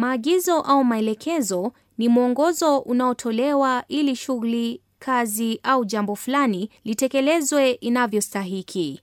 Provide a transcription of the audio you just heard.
Maagizo au maelekezo ni mwongozo unaotolewa ili shughuli, kazi au jambo fulani litekelezwe inavyostahiki.